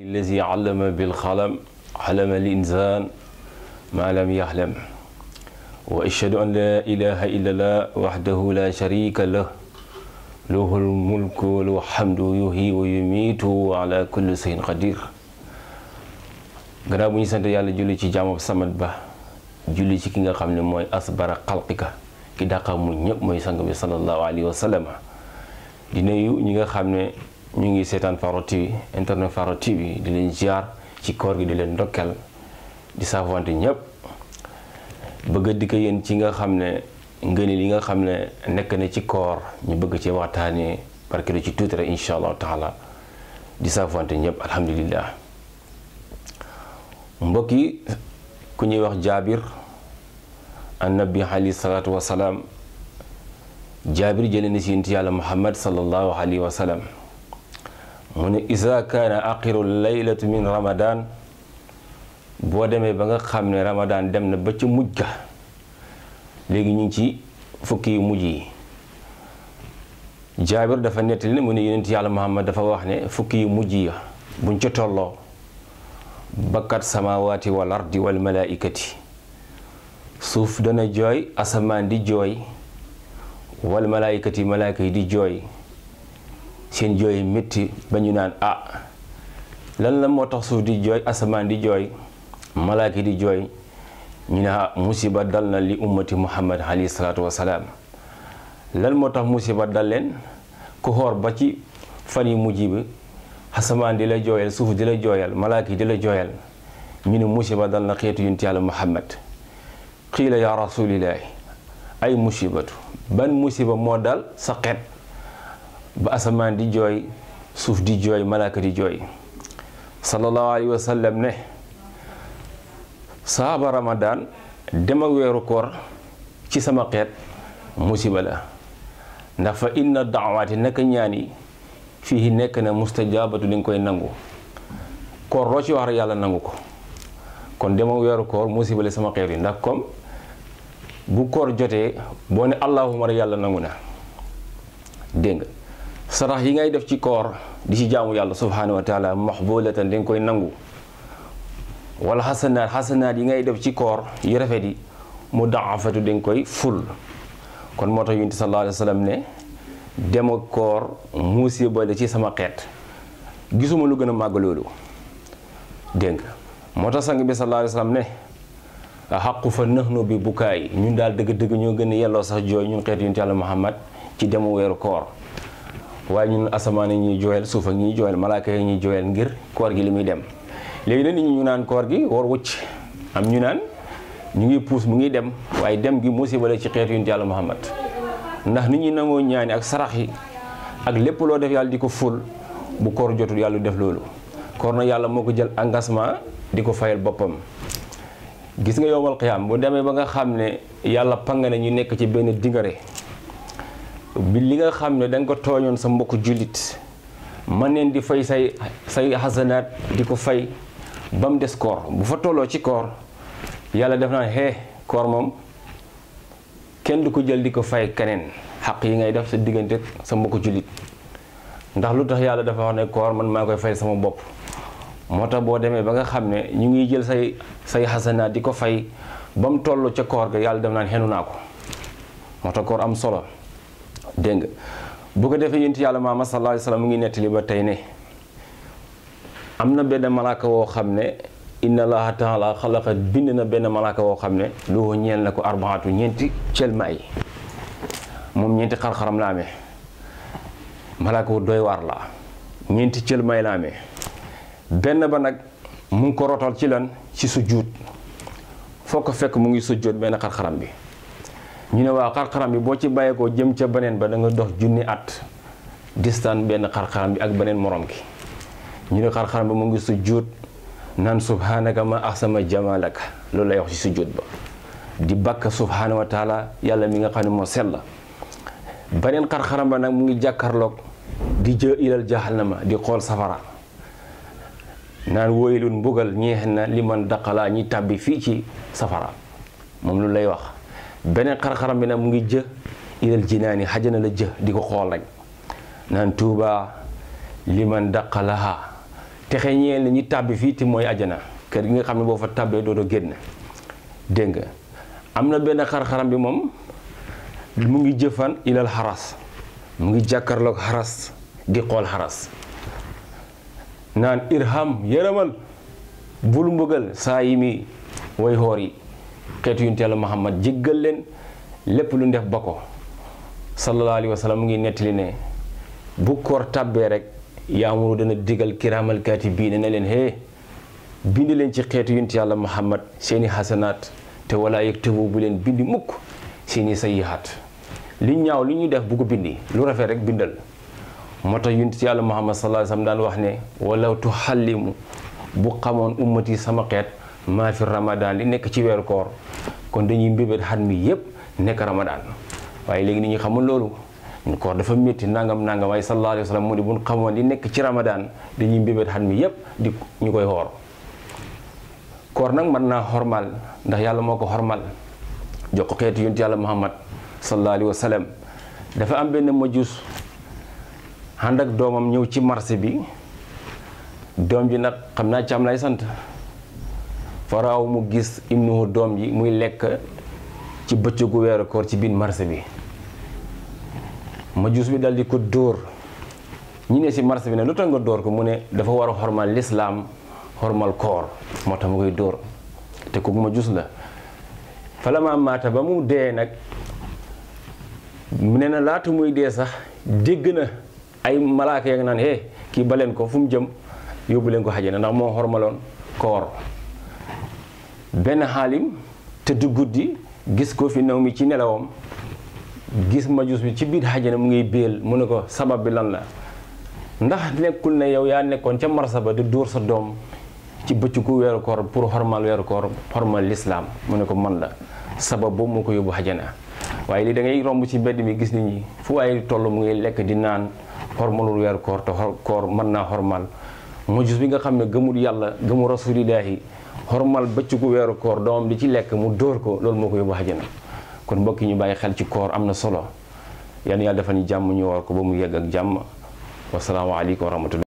الذي علم بالقلم علم الإنسان ما لم يعلم وأشهد أن لا إله إلا الله وحده لا شريك له له الملك وله الحمد يهي ويميت على كل شيء قدير غرابو ني سانت يالا جولي سي جامو سامت با جولي سي كيغا خامل موي اصبر خلقك كي داقا مو نيب موي سانغ صلى الله عليه وسلم دي نيو نيغا خامل ñu ngi seetaan Farokh TV internet Farokh TV di leen ziar ci koor gi di leen ndokkeel di saafante ñëpp bëgg di ko yéen ci nga xam ne ngëneel yi nga xam ne nekk na ci koor ñu bëgg ci waxtaanee parce que ci tuuti rek incha allahu di saafante ñëpp alhamdulilah mbokk yi ku ñuy wax jaabir annabi alayhi salaatu wasalaam jaabir jële na si yéen yàlla muhammad sallallahu alayhi wa sallam mu ne isa kaana aqiru laylatu min ramadan boo demee ba nga xam ne ramadaan dem na ba ca mujj ga léegi ñu ci fukki yu mujj yi jaabir dafa nettali ne mu ne yonent yàlla muhammad dafa wax ne fukki yu mujj ya buñ ca tolloo bakkat samawaati wal ardi wal malaaikati suuf dana jooy asamaan di jooy wal malaaikati malaayika yi di jooy seen jooy métti ba ñu naan ah lan la moo tax suuf di jooy asamaan di jooy malaaki di jooy ñu ne ah musiba dal na li ummati muhammad alayhi lan moo tax musiba dal leen ku xoor ba ci fan yi mujj bi asamaan di la jooyal suuf di la jooyal malaaki di la jooyal ñu ne musiba dal na xeetu yonent yàlla muhammad xiila yaa rasulillahi ay musibatu ban musiba moo dal sa xeet ba asamaan di jooy suuf di jooy malaaka di jooy sallallahu alayhi wa sallam ne saaba ramadaan dem ak weeru koor ci sama xeet musiba la ndax fa inna daawaati naka ñaan yi fii nekk na mustajaabatu li nga koy nangu koor loo ci wax rek yàlla nangu ko kon dem ak weeru koor musiba la sama xeet yi ndax comme bu koor jotee boo ne allahuma rek yàlla nangu na dégg nga sarax yi ngay def ci koor di ci jaamu yàlla subhaanahu wa taala maxbulatan dañ koy nangu wala xasanaat xasanaat yi ngay def ci koor yu rafet yi mu daafatu dañ koy ful kon moo tax yonent sallallahu alayhi ne dem ak koor musiba la ci sama xeet gisuma lu gën a màgg loolu dégg nga moo tax sang bi sallallahu alayhi wa sallam ne xaqu fa no bi bukkaay ñun daal dëgg-dëgg ñoo gën a yelloo sax jooy ñun xeet yonent yàlla Muhammad ci demu weeru koor waaye ñun asamaan yi ñuy jooyal suuf ak ñuy jooyal malaaka yi ñuy jooyal ngir koor gi li muy dem léegi nag nit ñi ñu naan koor gi woor wucc am ñu naan ñu ngi puus mu ngi dem waaye dem gi musiba la ci xeetu yonent yàlla Muhammad ndax nit ñi nangoo ñaani ak sarax yi ak lépp loo def yàlla di ko ful bu koor jotul yàlla def loolu koor na yàlla moo ko jël engagement di ko fayal boppam gis nga yowmal xiyaam bu demee ba nga xam ne yàlla pang na ñu nekk ci benn dingare bi li nga xam ne danga ko tooñoon sa mbokk jullit man neen di fay say say xasanaat di ko fay ba mu des koor bu fa tolloo ci koor yàlla def naa koor moom kenn du jël di ko fay keneen xaq yi ngay def sa diggante sa mbokk jullit ndax lu tax yàlla dafa wax ne koor man maa koy fay sama bopp moo tax boo demee ba nga xam ne ñu ngi jël say say xasanaat di ko fay ba mu toll ca koor ga yàlla def naa xenu naa ko moo tax koor am solo dégg nga bu ko defee ñeenti yàlla Muhammad sallallahu alayhi wa mu ngi nettali ba tey ne am na benn malaaka woo xam ne inna allaha taala xalaqa bind na benn malaaka woo xam ne loo ñeel na ko arbaatu ñeenti celma yi moom ñeenti xar-xaram la amee malaaka wu doy waar la ñeenti celma yi la amee benn ba nag mu ngi ko rotal ci lan ci sujjuut foo ko fekk mu ngi sujjoot benn xar-xaram bi ñu ne wa xarxaram bi bo ci ko jëm ci benen ba da nga dox jooni at distan ben xarxaram bi ak benen morom ki ñu ne xarxaram ba mo ngi sujud nan subhanaka ma ahsama jamalaka lo lay wax ci sujud ba di bakka subhanahu wa taala yalla mi nga xam mo sel sell beneen ba nak mu ngi jakarlok di jë ilal jahannama di xol safara nan woyilun bugal ñeex na li ñi tabbi fi ci safara mom lu lay wax beneen xar bi nag mu ngi jë ilal jinaani xajana la jë di ko xool rek naan tuuba liman daqalaha texe ñeel ñi tàbbi fii te mooy ajana kër gi nga xam ne boo fa tàbbee doo doo génn dégg nga am na benn xar bi moom mu ngi jëfan ilal xaras mu ngi jàkkarloog xaras di xool xaras naan irham yërëmal bul mbëggal saa yi mi way xoor yi xeetu yunte yàlla Muhammad jéggal leen lépp lu ndef ba ko sallallahu alayhi mu ngi nettali ne bu koor tàbbee rek yaamuru dana diggal kiraamal bii ne leen hee bind leen ci xeetu yunte yàlla Muhammad seeni xasanaat te wala yaktubu bu leen bind mukk seeni sayyihaat li ñaaw lu ñuy def bu ko bindi lu rafet rek bindal moo tax yunte yàlla Muhammad sallallahu alayhi wa sallam daan wax ne walaw tuxallimu bu xamoon ummati sama xeet maa ramadaan ramadan li nekk ci weeru koor kon dañuy mbébét xat mi yépp nekk ramadan waaye léegi nit ñi xamul loolu koor dafa metti nangam nangam waaye sallallahu alayhi wa sallam mu ne bu ñu xamoon li nekk ci ramadaan dañuy mbébét xat mi yépp di ñu koy xoor koor nag mën naa xormal ndax yàlla moo ko xormal jox ko xeetu yonent yàlla muhammad sallallahu alayhi dafa am benn majus ànd ak doomam ñëw ci marché bi doom ji nag xam naa ci lay sant faraaw mu gis ibnuhu doom ji muy lekk ci bëccëgu weeru koor ci biir marché bi ma majuus bi dal di ko dóor ñi ne si marché bi ne lu tax nga dóor ko mu ne dafa war a xormal lislaam xormal koor moo tax mu koy dóor te ma jus la falamaa maata ba mu dee nag mu ne na laata muy dee sax dégg na ay malaaka yaa ngi naan hé eh, kii baleen ko fu mu jëm yóbbu leen ko xajana ndax moo xormaloon koor benn xaalim tëdd guddi gis ko fi naw mi ci nelawam gis majus bi ci biir xajana mu ngi béel mu ne ko sabab bi lan la ndax nekkul ne yow yaa nekkoon ca marsaba di dóor sa doom ci bëccëgu weeru koor pour xormal weeru koor xormal lislaam mu ne ko man la sabab boobu moo ko yóbbu xajana waaye li da ngay romb ci mbedd mi gis nit ñi fu waaye toll mu ngi lekk di naan xormalul weeru koor te koor mën naa xormal mujjus bi nga xam ne gëmul yàlla gëmul rasulillahi xormal bëccëgu weeru koor doomam di ci lekk mu dóor ko loolu moo ko yóbbu àjjana kon mbokk ñu bàyyi xel ci koor am na solo yan yàlla defal ñu jàmm ñu war ko ba mu yegg ak jàmm wasalaamaaleykum wa rahmatullah